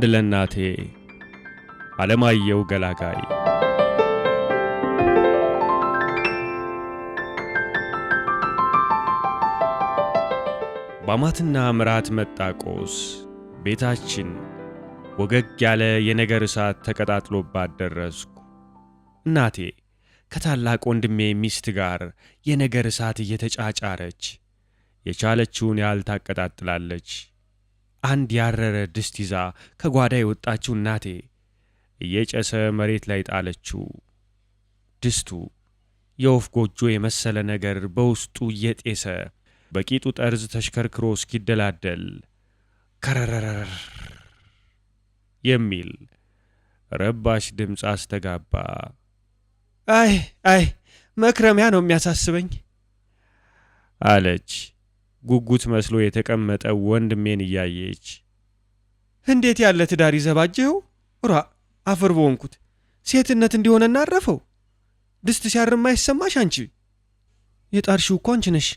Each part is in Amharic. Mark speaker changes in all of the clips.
Speaker 1: አንድ ለእናቴ አለማየሁ ገላጋይ ባማትና ምራት መጣቆስ ቤታችን ወገግ ያለ የነገር እሳት ተቀጣጥሎባት ደረስኩ። እናቴ ከታላቅ ወንድሜ ሚስት ጋር የነገር እሳት እየተጫጫረች የቻለችውን ያህል ታቀጣጥላለች። አንድ ያረረ ድስት ይዛ ከጓዳ የወጣችው እናቴ እየጨሰ መሬት ላይ ጣለችው። ድስቱ የወፍ ጎጆ የመሰለ ነገር በውስጡ እየጤሰ በቂጡ ጠርዝ ተሽከርክሮ እስኪደላደል ከረረረር የሚል ረባሽ ድምፅ አስተጋባ።
Speaker 2: አይ አይ መክረሚያ ነው የሚያሳስበኝ
Speaker 1: አለች። ጉጉት መስሎ የተቀመጠ ወንድሜን እያየች
Speaker 2: እንዴት ያለ ትዳር ይዘባጀኸው? ራ አፈር በወንኩት ሴትነት እንዲሆነ እናረፈው። ድስት ሲያርም አይሰማሽ አንቺ የጣርሽው እኮ አንቺ ነሽ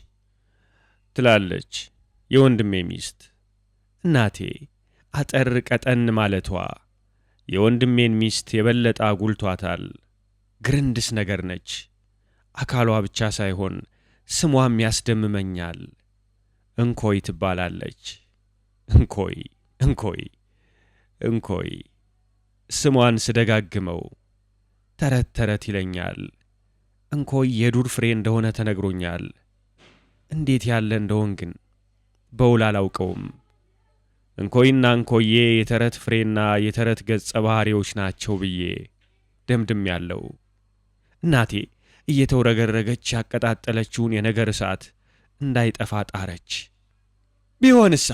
Speaker 1: ትላለች የወንድሜ ሚስት። እናቴ አጠር ቀጠን ማለቷ የወንድሜን ሚስት የበለጠ አጉልቷታል። ግርንድስ ነገር ነች። አካሏ ብቻ ሳይሆን ስሟም ያስደምመኛል። እንኮይ ትባላለች። እንኮይ እንኮይ እንኮይ ስሟን ስደጋግመው ተረት ተረት ይለኛል። እንኮይ የዱር ፍሬ እንደሆነ ተነግሮኛል። እንዴት ያለ እንደሆን ግን በውል አላውቀውም። እንኮይና እንኮዬ የተረት ፍሬና የተረት ገጸ ባህሪዎች ናቸው ብዬ ደምድም ያለው እናቴ እየተውረገረገች ያቀጣጠለችውን የነገር እሳት እንዳይጠፋ ጣረች።
Speaker 2: ቢሆንሳ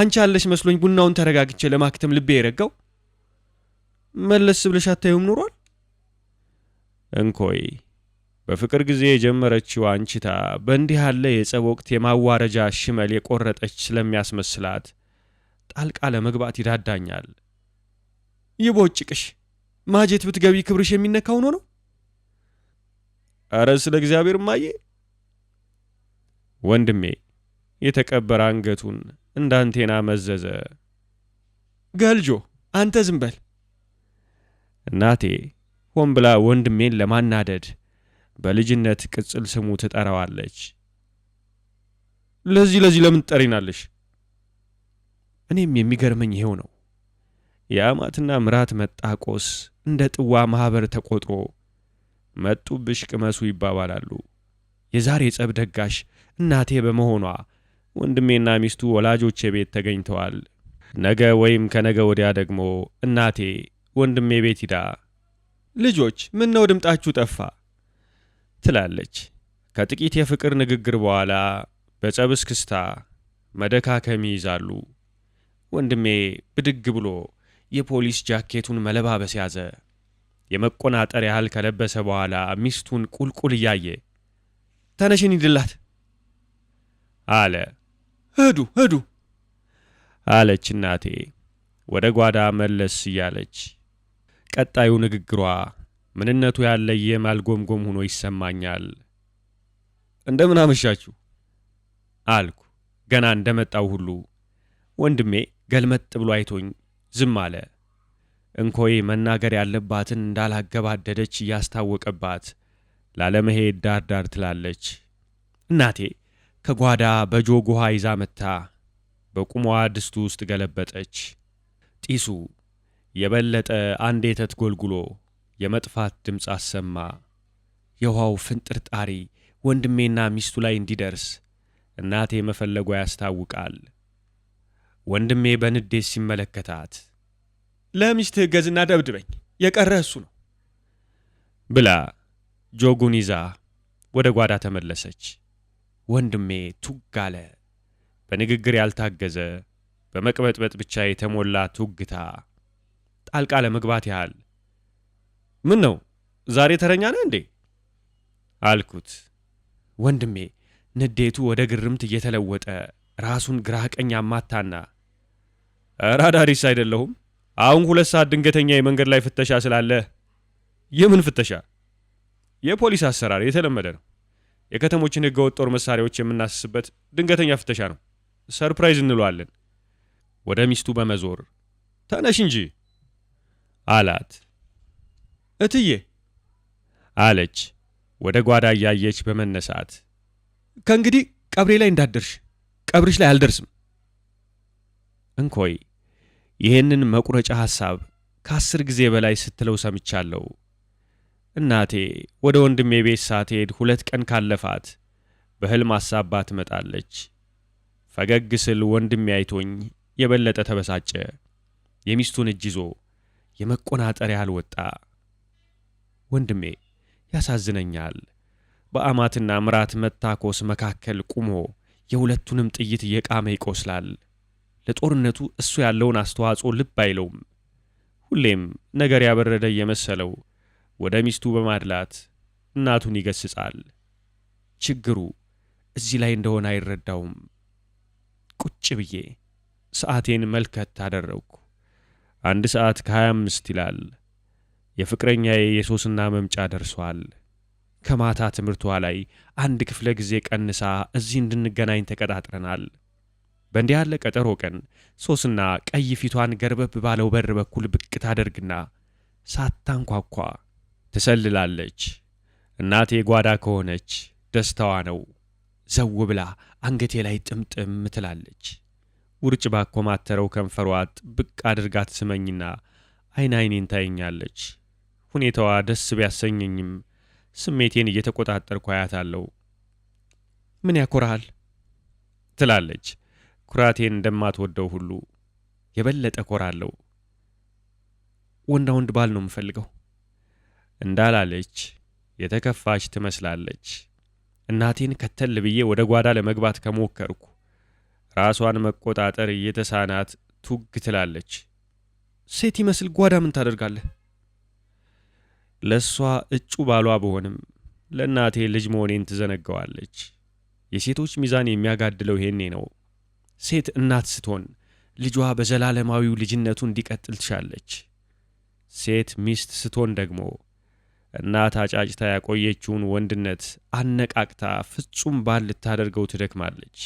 Speaker 2: አንቺ አለሽ መስሎኝ ቡናውን ተረጋግቼ ለማክተም ልቤ የረጋው። መለስ ብለሽ አታዩም ኑሯል።
Speaker 1: እንኮይ በፍቅር ጊዜ የጀመረችው አንቺታ በእንዲህ ያለ የጸብ ወቅት የማዋረጃ ሽመል የቆረጠች ስለሚያስመስላት ጣልቃ ለመግባት ይዳዳኛል።
Speaker 2: ይቦጭቅሽ ማጀት ብትገቢ ክብርሽ የሚነካ ሆኖ ነው።
Speaker 1: አረ ስለ እግዚአብሔር ማዬ ወንድሜ የተቀበረ አንገቱን እንዳንቴና መዘዘ።
Speaker 2: ገልጆ አንተ ዝም በል።
Speaker 1: እናቴ ሆን ብላ ወንድሜን ለማናደድ በልጅነት ቅጽል ስሙ ትጠራዋለች።
Speaker 2: ለዚህ ለዚህ ለምን ትጠሪናለሽ?
Speaker 1: እኔም የሚገርመኝ ይሄው ነው። የአማትና ምራት መጣቆስ እንደ ጥዋ ማኅበር ተቆጥሮ መጡብሽ ቅመሱ ይባባላሉ። የዛሬ ጸብ ደጋሽ እናቴ በመሆኗ ወንድሜና ሚስቱ ወላጆቼ ቤት ተገኝተዋል። ነገ ወይም ከነገ ወዲያ ደግሞ እናቴ ወንድሜ ቤት ሂዳ
Speaker 2: ልጆች ምን ነው ድምጣችሁ ጠፋ
Speaker 1: ትላለች። ከጥቂት የፍቅር ንግግር በኋላ በጸብ እስክስታ መደካከም ይይዛሉ። ወንድሜ ብድግ ብሎ የፖሊስ ጃኬቱን መለባበስ ያዘ። የመቆናጠር ያህል ከለበሰ በኋላ ሚስቱን ቁልቁል እያየ
Speaker 2: ተነሽን ሂድላት አለ። ሂዱ ሂዱ
Speaker 1: አለች እናቴ ወደ ጓዳ መለስ እያለች። ቀጣዩ ንግግሯ ምንነቱ ያለ የማልጎምጎም ሆኖ ይሰማኛል።
Speaker 2: እንደምን አመሻችሁ
Speaker 1: አልኩ ገና እንደመጣው ሁሉ። ወንድሜ ገልመጥ ብሎ አይቶኝ ዝም አለ። እንኮይ መናገር ያለባትን እንዳላገባደደች እያስታወቀባት ላለመሄድ ዳር ዳር ትላለች። እናቴ ከጓዳ በጆግ ውሃ ይዛ መታ በቁሟ ድስቱ ውስጥ ገለበጠች። ጢሱ የበለጠ አንድ የተት ጎልጉሎ የመጥፋት ድምፅ አሰማ። የውሃው ፍንጥርጣሪ ወንድሜና ሚስቱ ላይ እንዲደርስ እናቴ መፈለጓ ያስታውቃል። ወንድሜ በንዴት ሲመለከታት
Speaker 2: ለሚስትህ ገዝና ደብድበኝ የቀረ እሱ ነው
Speaker 1: ብላ ጆጉን ይዛ ወደ ጓዳ ተመለሰች። ወንድሜ ቱግ አለ። በንግግር ያልታገዘ በመቅበጥበጥ ብቻ የተሞላ ቱግታ፣ ጣልቃ ለመግባት ያህል።
Speaker 2: ምን ነው ዛሬ ተረኛ ነህ እንዴ
Speaker 1: አልኩት። ወንድሜ ንዴቱ ወደ ግርምት እየተለወጠ ራሱን ግራ ቀኝ አማታና
Speaker 2: ኧረ አይደለሁም። አሁን ሁለት ሰዓት ድንገተኛ የመንገድ ላይ ፍተሻ ስላለ የምን ፍተሻ የፖሊስ አሰራር የተለመደ ነው። የከተሞችን ህገወጥ ጦር መሳሪያዎች የምናስስበት ድንገተኛ ፍተሻ ነው። ሰርፕራይዝ እንለዋለን። ወደ ሚስቱ በመዞር ተነሽ እንጂ አላት። እትዬ
Speaker 1: አለች ወደ ጓዳ እያየች በመነሳት
Speaker 2: ከእንግዲህ ቀብሬ ላይ እንዳደርሽ፣ ቀብርሽ ላይ አልደርስም።
Speaker 1: እንኮይ ይህንን መቁረጫ ሐሳብ ከአስር ጊዜ በላይ ስትለው ሰምቻለሁ እናቴ ወደ ወንድሜ ቤት ሳትሄድ ሁለት ቀን ካለፋት በሕልም አሳባ ትመጣለች። ፈገግ ስል ወንድሜ አይቶኝ የበለጠ ተበሳጨ። የሚስቱን እጅ ይዞ የመቆናጠር ያህል ወጣ። ወንድሜ ያሳዝነኛል። በአማትና ምራት መታኮስ መካከል ቁሞ የሁለቱንም ጥይት እየቃመ ይቆስላል። ለጦርነቱ እሱ ያለውን አስተዋጽኦ ልብ አይለውም። ሁሌም ነገር ያበረደ እየመሰለው ወደ ሚስቱ በማድላት እናቱን ይገስጻል። ችግሩ እዚህ ላይ እንደሆነ አይረዳውም። ቁጭ ብዬ ሰዓቴን መልከት አደረግኩ። አንድ ሰዓት ከ25 ይላል። የፍቅረኛዬ የሶስና መምጫ ደርሷል። ከማታ ትምህርቷ ላይ አንድ ክፍለ ጊዜ ቀንሳ እዚህ እንድንገናኝ ተቀጣጥረናል። በእንዲህ ያለ ቀጠሮ ቀን ሶስና ቀይ ፊቷን ገርበብ ባለው በር በኩል ብቅ ታደርግና ሳታንኳኳ ትሰልላለች። እናቴ ጓዳ ከሆነች ደስታዋ ነው። ዘው ብላ አንገቴ ላይ ጥምጥም ትላለች። ውርጭ ባኮማተረው ከንፈሯ ጥብቅ አድርጋ ትስመኝና አይን አይኔን ታየኛለች። ሁኔታዋ ደስ ቢያሰኘኝም ስሜቴን እየተቆጣጠርኩ አያታለሁ። ምን ያኮራሃል ትላለች። ኩራቴን እንደማትወደው ሁሉ የበለጠ ኮራለሁ። ወንዳ ወንድ ባል ነው የምፈልገው እንዳላለች የተከፋች ትመስላለች። እናቴን ከተል ብዬ ወደ ጓዳ ለመግባት ከሞከርኩ ራሷን መቆጣጠር እየተሳናት ቱግ ትላለች።
Speaker 2: ሴት ይመስል ጓዳ ምን ታደርጋለህ?
Speaker 1: ለእሷ እጩ ባሏ በሆንም ለእናቴ ልጅ መሆኔን ትዘነጋዋለች። የሴቶች ሚዛን የሚያጋድለው ይሄኔ ነው። ሴት እናት ስትሆን ልጇ በዘላለማዊው ልጅነቱ እንዲቀጥል ትሻለች። ሴት ሚስት ስትሆን ደግሞ እናት አጫጭታ ያቆየችውን ወንድነት አነቃቅታ ፍጹም ባል ልታደርገው ትደክማለች።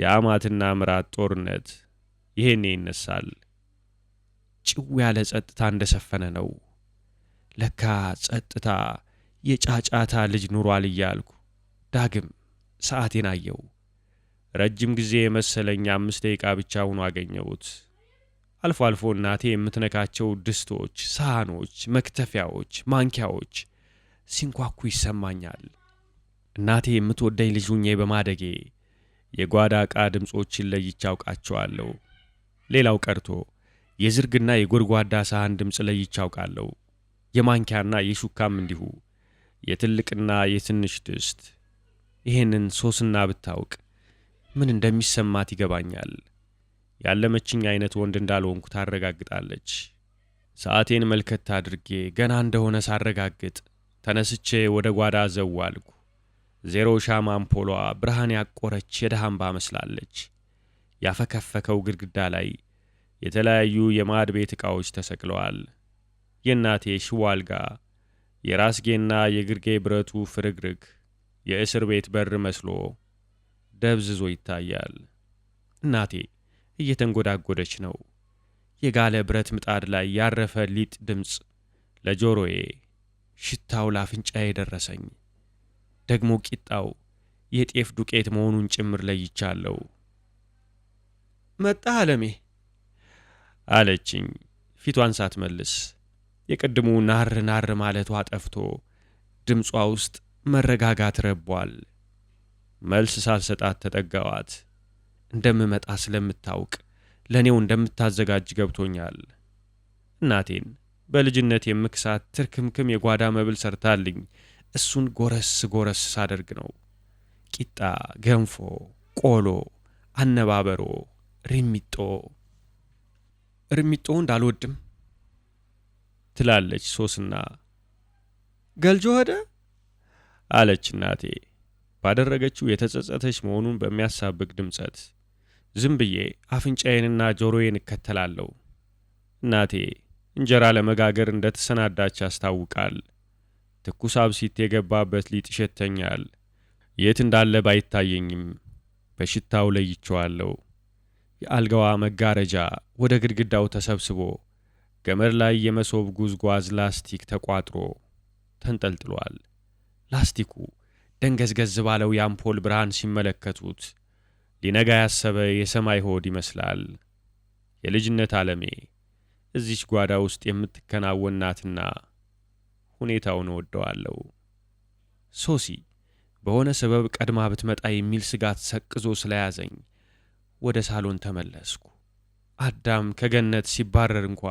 Speaker 1: የአማትና ምራት ጦርነት ይሄኔ ይነሳል። ጭው ያለ ጸጥታ እንደሰፈነ ነው። ለካ ጸጥታ የጫጫታ ልጅ ኑሯል እያልኩ ዳግም ሰዓቴን አየው። ረጅም ጊዜ የመሰለኝ አምስት ደቂቃ ብቻ ሆኖ አገኘሁት። አልፎ አልፎ እናቴ የምትነካቸው ድስቶች፣ ሳህኖች፣ መክተፊያዎች፣ ማንኪያዎች ሲንኳኩ ይሰማኛል። እናቴ የምትወደኝ ልጅ ሁኜ በማደጌ የጓዳ ዕቃ ድምፆችን ለይቼ አውቃቸዋለሁ። ሌላው ቀርቶ የዝርግና የጎድጓዳ ሳህን ድምፅ ለይቼ አውቃለሁ። የማንኪያና የሹካም እንዲሁ የትልቅና የትንሽ ድስት። ይህንን ሶስና ብታውቅ ምን እንደሚሰማት ይገባኛል። ያለመችኝ አይነት ወንድ እንዳልሆንኩ ታረጋግጣለች። ሰዓቴን መልከት አድርጌ ገና እንደሆነ ሳረጋግጥ ተነስቼ ወደ ጓዳ ዘው አልኩ። ዜሮ ሻማ አምፖሏ ብርሃን ያቆረች የድሃ መስላለች። ያፈከፈከው ግድግዳ ላይ የተለያዩ የማዕድ ቤት ዕቃዎች ተሰቅለዋል። የእናቴ ሽዋልጋ፣ የራስጌና የግርጌ ብረቱ ፍርግርግ የእስር ቤት በር መስሎ ደብዝዞ ይታያል። እናቴ እየተንጎዳጎደች ነው። የጋለ ብረት ምጣድ ላይ ያረፈ ሊጥ ድምፅ ለጆሮዬ፣ ሽታው ላፍንጫ የደረሰኝ፣ ደግሞ ቂጣው የጤፍ ዱቄት መሆኑን ጭምር ለይቻለሁ።
Speaker 2: መጣ አለሜ
Speaker 1: አለችኝ ፊቷን ሳትመልስ። የቅድሙ ናር ናር ማለቷ ጠፍቶ ድምጿ ውስጥ መረጋጋት ረቧል። መልስ ሳልሰጣት ተጠጋዋት። እንደምመጣ ስለምታውቅ ለእኔው እንደምታዘጋጅ ገብቶኛል። እናቴን በልጅነት የምክሳት ትርክምክም የጓዳ መብል ሰርታልኝ እሱን ጎረስ ጎረስ ሳደርግ ነው። ቂጣ፣ ገንፎ፣ ቆሎ፣ አነባበሮ፣ ሪሚጦ
Speaker 2: ሪሚጦ እንዳልወድም
Speaker 1: ትላለች ሶስና። ገልጆ ሄደ አለች እናቴ ባደረገችው የተጸጸተች መሆኑን በሚያሳብቅ ድምጸት ዝም ብዬ አፍንጫዬንና ጆሮዬን እከተላለሁ። እናቴ እንጀራ ለመጋገር እንደተሰናዳች ያስታውቃል። ትኩስ አብሲት የገባበት ሊጥ ይሸተኛል። የት እንዳለ ባይታየኝም በሽታው ለይቼዋለሁ። የአልጋዋ መጋረጃ ወደ ግድግዳው ተሰብስቦ ገመድ ላይ የመሶብ ጉዝጓዝ ላስቲክ ተቋጥሮ ተንጠልጥሏል። ላስቲኩ ደንገዝገዝ ባለው የአምፖል ብርሃን ሲመለከቱት ሊነጋ ያሰበ የሰማይ ሆድ ይመስላል። የልጅነት ዓለሜ እዚች ጓዳ ውስጥ የምትከናወን ናትና ሁኔታውን እወደዋለሁ። ሶሲ በሆነ ሰበብ ቀድማ ብትመጣ የሚል ስጋት ሰቅዞ ስለያዘኝ ወደ ሳሎን ተመለስኩ። አዳም ከገነት ሲባረር እንኳ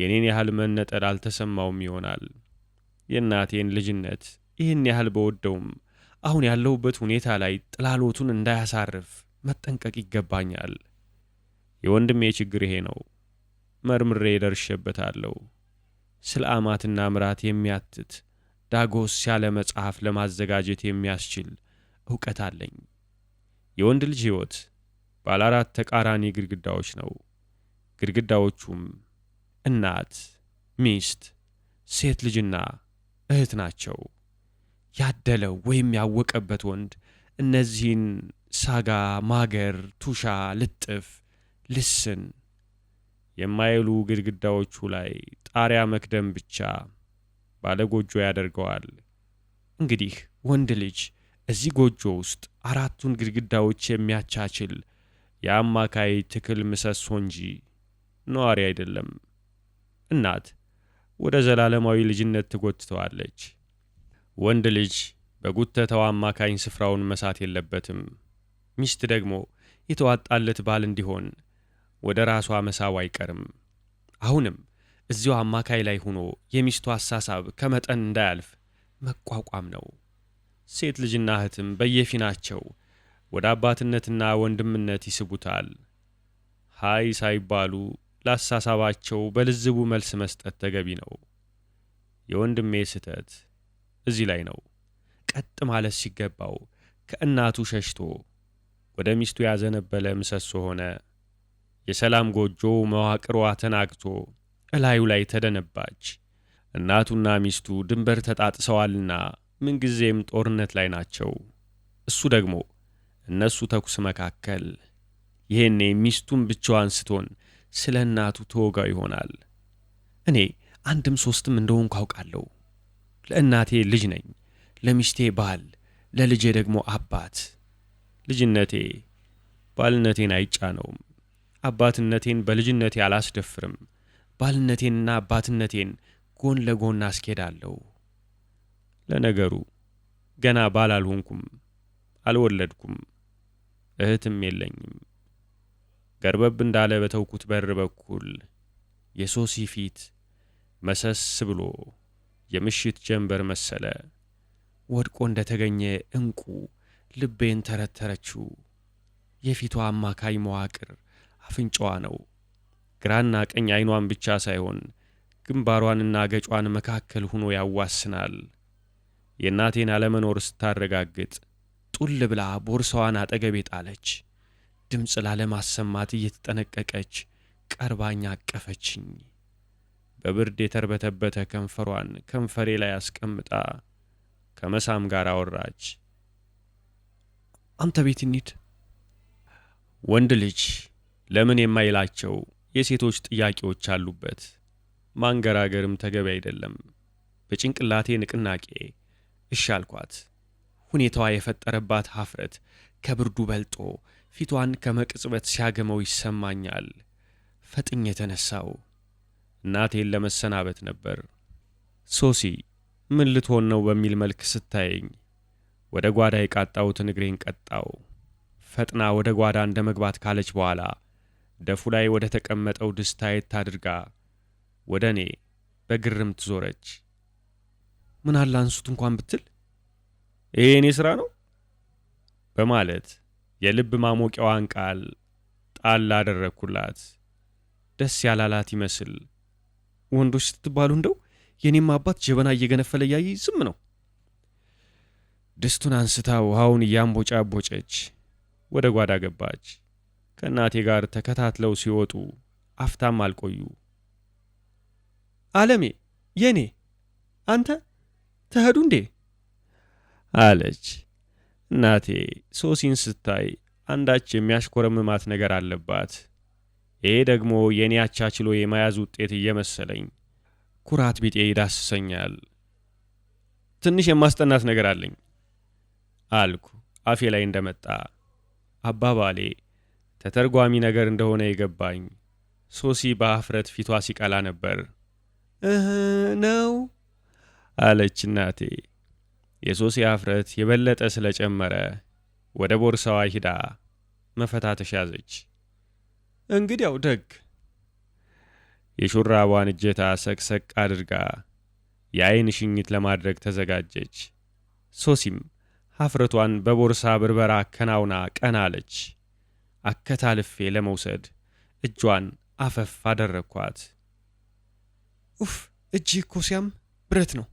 Speaker 1: የእኔን ያህል መነጠል አልተሰማውም ይሆናል። የእናቴን ልጅነት ይህን ያህል በወደውም አሁን ያለሁበት ሁኔታ ላይ ጥላሎቱን እንዳያሳርፍ መጠንቀቅ ይገባኛል። የወንድሜ ችግር ይሄ ነው። መርምሬ ደርሼበታለሁ። ስለ አማትና ምራት የሚያትት ዳጎስ ያለ መጽሐፍ ለማዘጋጀት የሚያስችል እውቀት አለኝ። የወንድ ልጅ ሕይወት ባለ አራት ተቃራኒ ግድግዳዎች ነው። ግድግዳዎቹም እናት፣ ሚስት፣ ሴት ልጅና እህት ናቸው። ያደለው ወይም ያወቀበት ወንድ እነዚህን ሳጋ፣ ማገር፣ ቱሻ፣ ልጥፍ፣ ልስን የማይሉ ግድግዳዎቹ ላይ ጣሪያ መክደም ብቻ ባለ ጎጆ ያደርገዋል። እንግዲህ ወንድ ልጅ እዚህ ጎጆ ውስጥ አራቱን ግድግዳዎች የሚያቻችል የአማካይ ትክል ምሰሶ እንጂ ነዋሪ አይደለም። እናት ወደ ዘላለማዊ ልጅነት ትጎትተዋለች። ወንድ ልጅ በጉተተው አማካኝ ስፍራውን መሳት የለበትም። ሚስት ደግሞ የተዋጣለት ባል እንዲሆን ወደ ራሷ መሳብ አይቀርም። አሁንም እዚሁ አማካይ ላይ ሆኖ የሚስቱ አሳሳብ ከመጠን እንዳያልፍ መቋቋም ነው። ሴት ልጅና እህትም በየፊናቸው ወደ አባትነትና ወንድምነት ይስቡታል። ሀይ ሳይባሉ ላሳሳባቸው በልዝቡ መልስ መስጠት ተገቢ ነው። የወንድሜ ስህተት እዚህ ላይ ነው። ቀጥ ማለት ሲገባው ከእናቱ ሸሽቶ ወደ ሚስቱ ያዘነበለ ምሰሶ ሆነ። የሰላም ጎጆ መዋቅሯ ተናግቶ እላዩ ላይ ተደነባች። እናቱና ሚስቱ ድንበር ተጣጥሰዋልና ምንጊዜም ጦርነት ላይ ናቸው። እሱ ደግሞ እነሱ ተኩስ መካከል። ይሄኔ ሚስቱን ብቻዋን ስትሆን ስለ እናቱ ተወጋው ይሆናል። እኔ አንድም ሦስትም እንደሆንኩ አውቃለሁ። ለእናቴ ልጅ ነኝ፣ ለሚስቴ ባል፣ ለልጄ ደግሞ አባት ልጅነቴ ባልነቴን አይጫነውም። አባትነቴን በልጅነቴ አላስደፍርም። ባልነቴንና አባትነቴን ጎን ለጎን አስኬዳለሁ። ለነገሩ ገና ባል አልሆንኩም፣ አልወለድኩም፣ እህትም የለኝም። ገርበብ እንዳለ በተውኩት በር በኩል የሶሲ ፊት መሰስ ብሎ የምሽት ጀንበር መሰለ ወድቆ እንደተገኘ እንቁ ልቤን ተረተረችው። የፊቷ አማካይ መዋቅር አፍንጫዋ ነው። ግራና ቀኝ አይኗን ብቻ ሳይሆን ግንባሯንና ገጯን መካከል ሆኖ ያዋስናል። የእናቴን አለመኖር ስታረጋግጥ ጡል ብላ ቦርሳዋን አጠገቤ ጣለች። ድምፅ ላለማሰማት እየተጠነቀቀች ቀርባኝ አቀፈችኝ። በብርድ የተርበተበተ ከንፈሯን ከንፈሬ ላይ አስቀምጣ ከመሳም ጋር አወራች።
Speaker 2: አንተ ቤት እንሂድ።
Speaker 1: ወንድ ልጅ ለምን የማይላቸው የሴቶች ጥያቄዎች አሉበት። ማንገራገርም ተገቢ አይደለም። በጭንቅላቴ ንቅናቄ እሻልኳት። አልኳት። ሁኔታዋ የፈጠረባት ሀፍረት ከብርዱ በልጦ ፊቷን ከመቅጽበት ሲያገመው ይሰማኛል። ፈጥኝ የተነሳው እናቴን ለመሰናበት ነበር። ሶሲ ምን ልትሆን ነው በሚል መልክ ስታየኝ ወደ ጓዳ የቃጣሁትን እግሬን ቀጣው። ፈጥና ወደ ጓዳ እንደ መግባት ካለች በኋላ ደፉ ላይ ወደ ተቀመጠው ድስት አየት አድርጋ ወደ እኔ በግርምት ዞረች።
Speaker 2: ምን አለ አንሱት እንኳን ብትል
Speaker 1: ይሄ እኔ ሥራ ነው በማለት የልብ ማሞቂያዋን ቃል ጣል አደረግኩላት። ደስ ያላላት ይመስል
Speaker 2: ወንዶች ስትባሉ እንደው የእኔም አባት ጀበና እየገነፈለ እያየ ዝም ነው።
Speaker 1: ድስቱን አንስታ ውሃውን አቦጨች ወደ ጓዳ ገባች። ከእናቴ ጋር ተከታትለው ሲወጡ አፍታም አልቆዩ።
Speaker 2: አለሜ የኔ አንተ ተሄዱ እንዴ?
Speaker 1: አለች እናቴ። ሶሲን ስታይ አንዳች የሚያሽኮረምማት ነገር አለባት። ይሄ ደግሞ የእኔ አቻችሎ የመያዝ ውጤት እየመሰለኝ ኩራት ቢጤ ይዳስሰኛል።
Speaker 2: ትንሽ የማስጠናት ነገር አለኝ
Speaker 1: አልኩ አፌ ላይ እንደመጣ። አባባሌ ተተርጓሚ ነገር እንደሆነ የገባኝ። ሶሲ በአፍረት ፊቷ ሲቀላ ነበር።
Speaker 2: እህ ነው
Speaker 1: አለች እናቴ። የሶሲ አፍረት የበለጠ ስለጨመረ ወደ ቦርሳዋ ሂዳ መፈታተሽ ያዘች።
Speaker 2: እንግዲያው ደግ
Speaker 1: የሹራቧን እጀታ ሰቅሰቅ አድርጋ የአይን ሽኝት ለማድረግ ተዘጋጀች። ሶሲም ሀፍረቷን በቦርሳ ብርበራ ከናውና ቀና አለች። አከታልፌ ለመውሰድ እጇን አፈፍ አደረግኳት።
Speaker 2: ኡፍ እጅ እኮ ሲያም ብረት ነው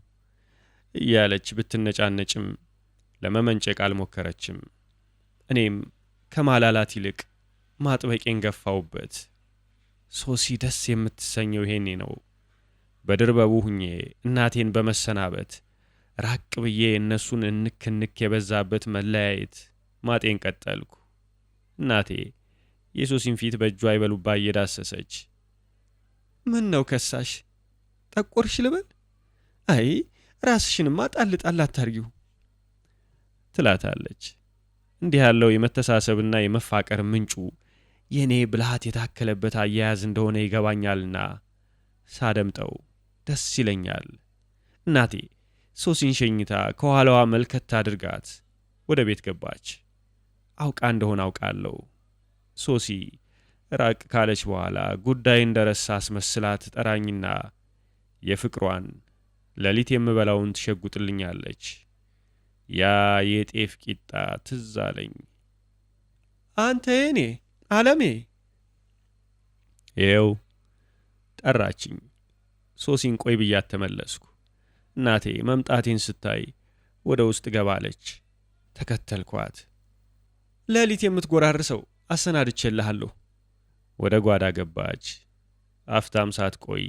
Speaker 1: እያለች ብትነጫነጭም ለመመንጨቅ አልሞከረችም። እኔም ከማላላት ይልቅ ማጥበቄን ገፋውበት። ሶሲ ደስ የምትሰኘው ይሄኔ ነው። በድርበቡ ሁኜ እናቴን በመሰናበት ራቅ ብዬ እነሱን እንክ እንክ የበዛበት መለያየት ማጤን ቀጠልኩ። እናቴ የሶሲን ፊት በእጇ ይበሉባ እየዳሰሰች
Speaker 2: ምን ነው ከሳሽ ጠቆርሽ ልበል? አይ ራስሽንማ ጣል ጣል አታርጊው
Speaker 1: ትላታለች። እንዲህ ያለው የመተሳሰብና የመፋቀር ምንጩ የእኔ ብልሃት የታከለበት አያያዝ እንደሆነ ይገባኛልና ሳደምጠው ደስ ይለኛል። እናቴ ሶሲን ሸኝታ ከኋላዋ መልከት አድርጋት ወደ ቤት ገባች። አውቃ እንደሆነ አውቃለሁ። ሶሲ ራቅ ካለች በኋላ ጉዳይ ረሳ አስመስላ ትጠራኝና የፍቅሯን ሌሊት የምበላውን ትሸጉጥልኛለች። ያ የጤፍ ቂጣ ትዝ አለኝ።
Speaker 2: አንተ የኔ አለሜ
Speaker 1: ይኸው ጠራችኝ። ሶሲን ቆይ ብያት ተመለስኩ። እናቴ መምጣቴን ስታይ ወደ ውስጥ ገባለች። ተከተልኳት።
Speaker 2: ሌሊት የምትጎራርሰው አሰናድቼልሃለሁ።
Speaker 1: ወደ ጓዳ ገባች። አፍታም ሳትቆይ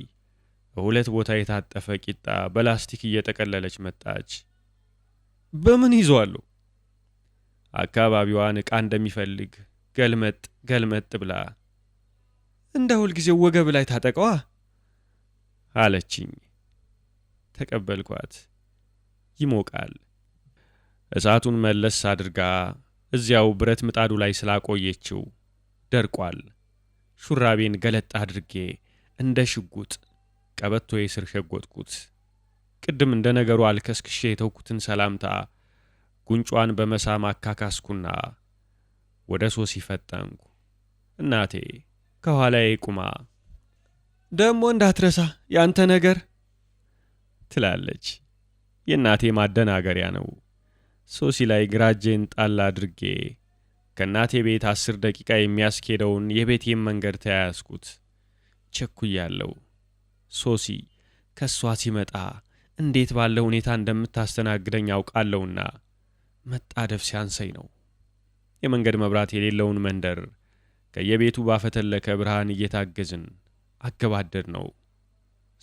Speaker 1: በሁለት ቦታ የታጠፈ ቂጣ በላስቲክ እየጠቀለለች መጣች።
Speaker 2: በምን ይዘዋለሁ?
Speaker 1: አካባቢዋን ዕቃ እንደሚፈልግ ገልመጥ ገልመጥ ብላ
Speaker 2: እንደ ሁልጊዜው ወገብ ላይ ታጠቀዋ
Speaker 1: አለችኝ። ተቀበልኳት። ይሞቃል። እሳቱን መለስ አድርጋ እዚያው ብረት ምጣዱ ላይ ስላቆየችው ደርቋል። ሹራቤን ገለጥ አድርጌ እንደ ሽጉጥ ቀበቶ የስር ሸጎጥኩት። ቅድም እንደ ነገሩ አልከስክሼ የተውኩትን ሰላምታ ጉንጯን በመሳም አካካስኩና ወደ ሶሲ ፈጠንኩ። እናቴ ከኋላዬ ቁማ
Speaker 2: ደሞ እንዳትረሳ ያንተ ነገር
Speaker 1: ትላለች። የእናቴ ማደናገሪያ ነው። ሶሲ ላይ ግራ እጄን ጣል አድርጌ ከእናቴ ቤት አስር ደቂቃ የሚያስኬደውን የቤቴን መንገድ ተያያዝኩት። ቸኩያለሁ። ሶሲ ከእሷ ሲመጣ እንዴት ባለ ሁኔታ እንደምታስተናግደኝ አውቃለሁና መጣደፍ ሲያንሰኝ ነው። የመንገድ መብራት የሌለውን መንደር ከየቤቱ ባፈተለከ ብርሃን እየታገዝን አገባደድ ነው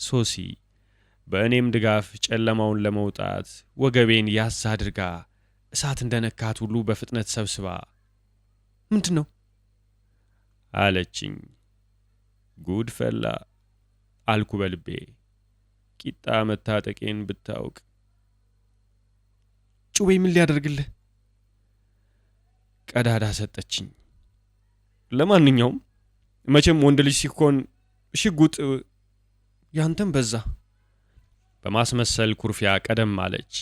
Speaker 1: ሶሲ በእኔም ድጋፍ ጨለማውን ለመውጣት ወገቤን ያስ አድርጋ እሳት እንደነካት ሁሉ በፍጥነት ሰብስባ ምንድን ነው አለችኝ። ጉድ ፈላ አልኩ በልቤ። ቂጣ መታጠቄን ብታውቅ።
Speaker 2: ጩቤ ምን ሊያደርግልህ?
Speaker 1: ቀዳዳ ሰጠችኝ።
Speaker 2: ለማንኛውም መቼም ወንድ ልጅ ሲኮን ሽጉጥ ያንተም በዛ
Speaker 1: በማስመሰል ኩርፊያ ቀደም አለች።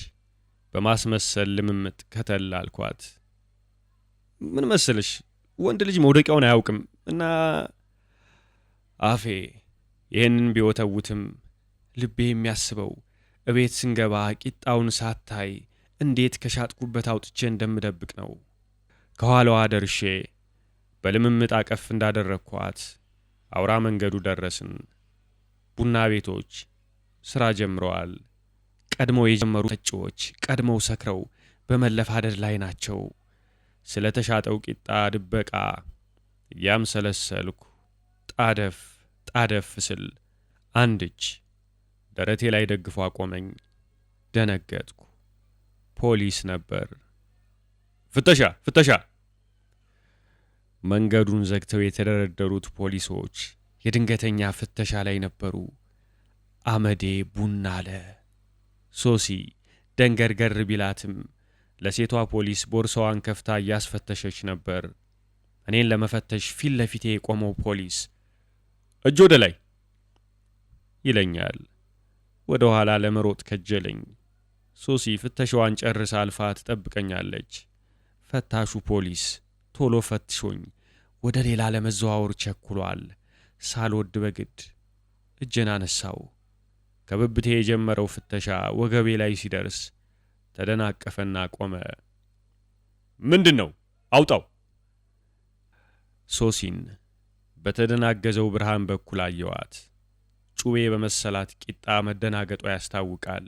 Speaker 1: በማስመሰል ልምምጥ ከተል አልኳት።
Speaker 2: ምን መሰለሽ ወንድ ልጅ መውደቂያውን አያውቅም እና
Speaker 1: አፌ ይህንን ቢወተውትም ልቤ የሚያስበው እቤት ስንገባ ቂጣውን ሳታይ እንዴት ከሻጥኩበት አውጥቼ እንደምደብቅ ነው። ከኋላዋ ደርሼ በልምምጥ አቀፍ እንዳደረግኳት አውራ መንገዱ ደረስን። ቡና ቤቶች ስራ ጀምረዋል። ቀድመው የጀመሩ ጠጪዎች ቀድመው ሰክረው በመለፋደድ ላይ ናቸው። ስለ ተሻጠው ቂጣ ድበቃ እያምሰለሰልኩ ጣደፍ ጣደፍ ስል አንድ እጅ ደረቴ ላይ ደግፎ አቆመኝ። ደነገጥኩ። ፖሊስ ነበር።
Speaker 2: ፍተሻ ፍተሻ!
Speaker 1: መንገዱን ዘግተው የተደረደሩት ፖሊሶች የድንገተኛ ፍተሻ ላይ ነበሩ። አመዴ ቡና አለ። ሶሲ ደንገርገር ቢላትም ለሴቷ ፖሊስ ቦርሳዋን ከፍታ እያስፈተሸች ነበር። እኔን ለመፈተሽ ፊት ለፊቴ የቆመው ፖሊስ እጅ ወደ ላይ ይለኛል። ወደ ኋላ ለመሮጥ ከጀለኝ። ሶሲ ፍተሻዋን ጨርሳ አልፋ ትጠብቀኛለች። ፈታሹ ፖሊስ ቶሎ ፈትሾኝ ወደ ሌላ ለመዘዋወር ቸኩሏል። ሳልወድ በግድ እጄን አነሳው። ከብብቴ የጀመረው ፍተሻ ወገቤ ላይ ሲደርስ ተደናቀፈና ቆመ።
Speaker 2: ምንድን ነው? አውጣው።
Speaker 1: ሶሲን በተደናገዘው ብርሃን በኩል አየዋት። ጩቤ በመሰላት ቂጣ መደናገጧ ያስታውቃል።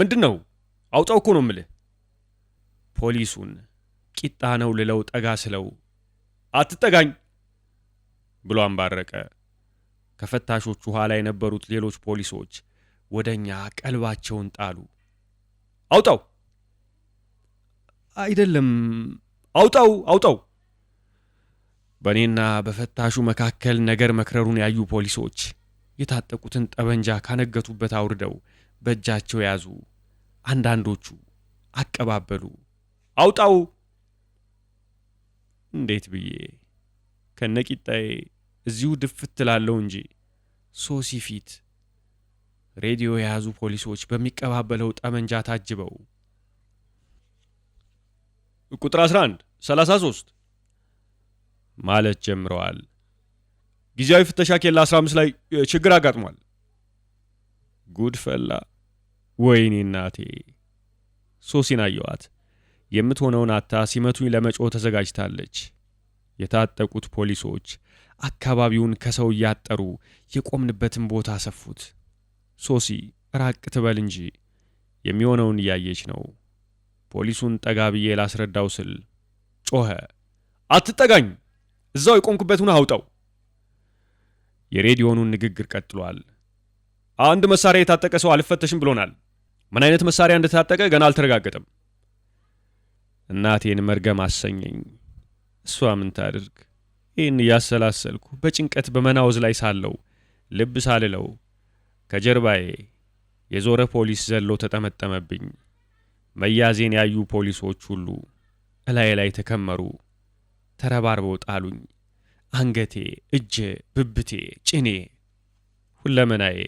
Speaker 2: ምንድን ነው? አውጣው እኮ ነው ምልህ።
Speaker 1: ፖሊሱን ቂጣ ነው ልለው ጠጋ ስለው አትጠጋኝ ብሎ አንባረቀ። ከፈታሾቹ ኋላ የነበሩት ሌሎች ፖሊሶች ወደ እኛ ቀልባቸውን ጣሉ። አውጣው! አይደለም፣
Speaker 2: አውጣው! አውጣው!
Speaker 1: በእኔና በፈታሹ መካከል ነገር መክረሩን ያዩ ፖሊሶች የታጠቁትን ጠበንጃ ካነገቱበት አውርደው በእጃቸው ያዙ። አንዳንዶቹ አቀባበሉ። አውጣው! እንዴት ብዬ ከነቂጣዬ እዚሁ ድፍት ትላለው እንጂ ሶሲ ፊት ሬዲዮ የያዙ ፖሊሶች በሚቀባበለው ጠመንጃ ታጅበው
Speaker 2: ቁጥር 11 33
Speaker 1: ማለት ጀምረዋል።
Speaker 2: ጊዜያዊ ፍተሻ ኬላ 15 ላይ ችግር አጋጥሟል።
Speaker 1: ጉድ ፈላ። ወይኔ እናቴ! ሶሲን አየዋት። የምትሆነውን አታ ሲመቱኝ ለመጮ ተዘጋጅታለች። የታጠቁት ፖሊሶች አካባቢውን ከሰው እያጠሩ የቆምንበትን ቦታ ሰፉት። ሶሲ ራቅ ትበል እንጂ የሚሆነውን እያየች ነው። ፖሊሱን ጠጋ ብዬ ላስረዳው ስል
Speaker 2: ጮኸ። አትጠጋኝ! እዛው የቆምኩበትን አውጠው
Speaker 1: የሬዲዮኑን ንግግር ቀጥሏል።
Speaker 2: አንድ መሳሪያ የታጠቀ ሰው አልፈተሽም ብሎናል። ምን አይነት መሳሪያ እንደታጠቀ ገና አልተረጋገጠም።
Speaker 1: እናቴን መርገም አሰኘኝ። እሷ ምን ታድርግ? ይህን እያሰላሰልኩ በጭንቀት በመናወዝ ላይ ሳለው ልብ ሳልለው ከጀርባዬ የዞረ ፖሊስ ዘሎ ተጠመጠመብኝ። መያዜን ያዩ ፖሊሶች ሁሉ እላዬ ላይ ተከመሩ፣ ተረባርበው ጣሉኝ። አንገቴ፣ እጄ፣ ብብቴ፣ ጭኔ፣ ሁለመናዬ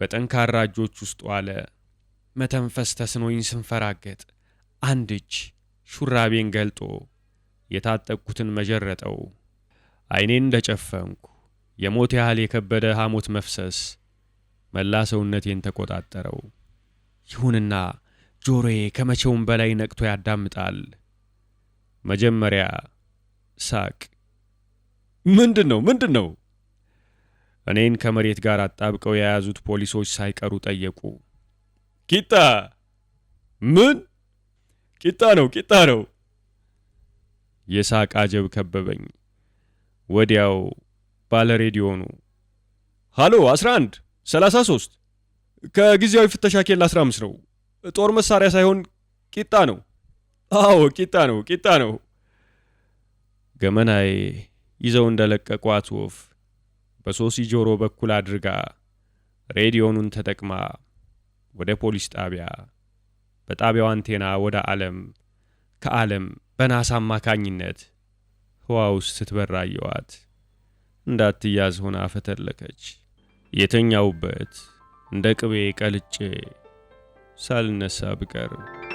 Speaker 1: በጠንካራ እጆች ውስጥ ዋለ። መተንፈስ ተስኖኝ ስንፈራገጥ አንድ እጅ ሹራቤን ገልጦ የታጠቅኩትን መጀረጠው። አይኔን እንደጨፈንኩ የሞት ያህል የከበደ ሐሞት መፍሰስ መላ ሰውነቴን ተቆጣጠረው። ይሁንና ጆሮዬ ከመቼውም በላይ ነቅቶ ያዳምጣል። መጀመሪያ ሳቅ።
Speaker 2: ምንድን ነው ምንድን ነው?
Speaker 1: እኔን ከመሬት ጋር አጣብቀው የያዙት ፖሊሶች ሳይቀሩ ጠየቁ።
Speaker 2: ቂጣ። ምን ቂጣ ነው? ቂጣ ነው።
Speaker 1: የሳቅ አጀብ ከበበኝ። ወዲያው ባለ ሬዲዮኑ
Speaker 2: ሃሎ 11 33 ከጊዜያዊ ፍተሻ ኬላ 15 ነው። ጦር መሳሪያ ሳይሆን ቂጣ ነው። አዎ ቂጣ ነው፣ ቂጣ ነው።
Speaker 1: ገመናዬ ይዘው እንደለቀቋት ወፍ በሶሲ ጆሮ በኩል አድርጋ ሬዲዮኑን ተጠቅማ ወደ ፖሊስ ጣቢያ በጣቢያው አንቴና ወደ ዓለም ከዓለም በናሳ አማካኝነት ህዋ ውስጥ ስትበራየዋት አየኋት። እንዳትያዝ ሆና ፈተለከች። የተኛውበት እንደ ቅቤ ቀልጬ ሳልነሳ ብቀርብ!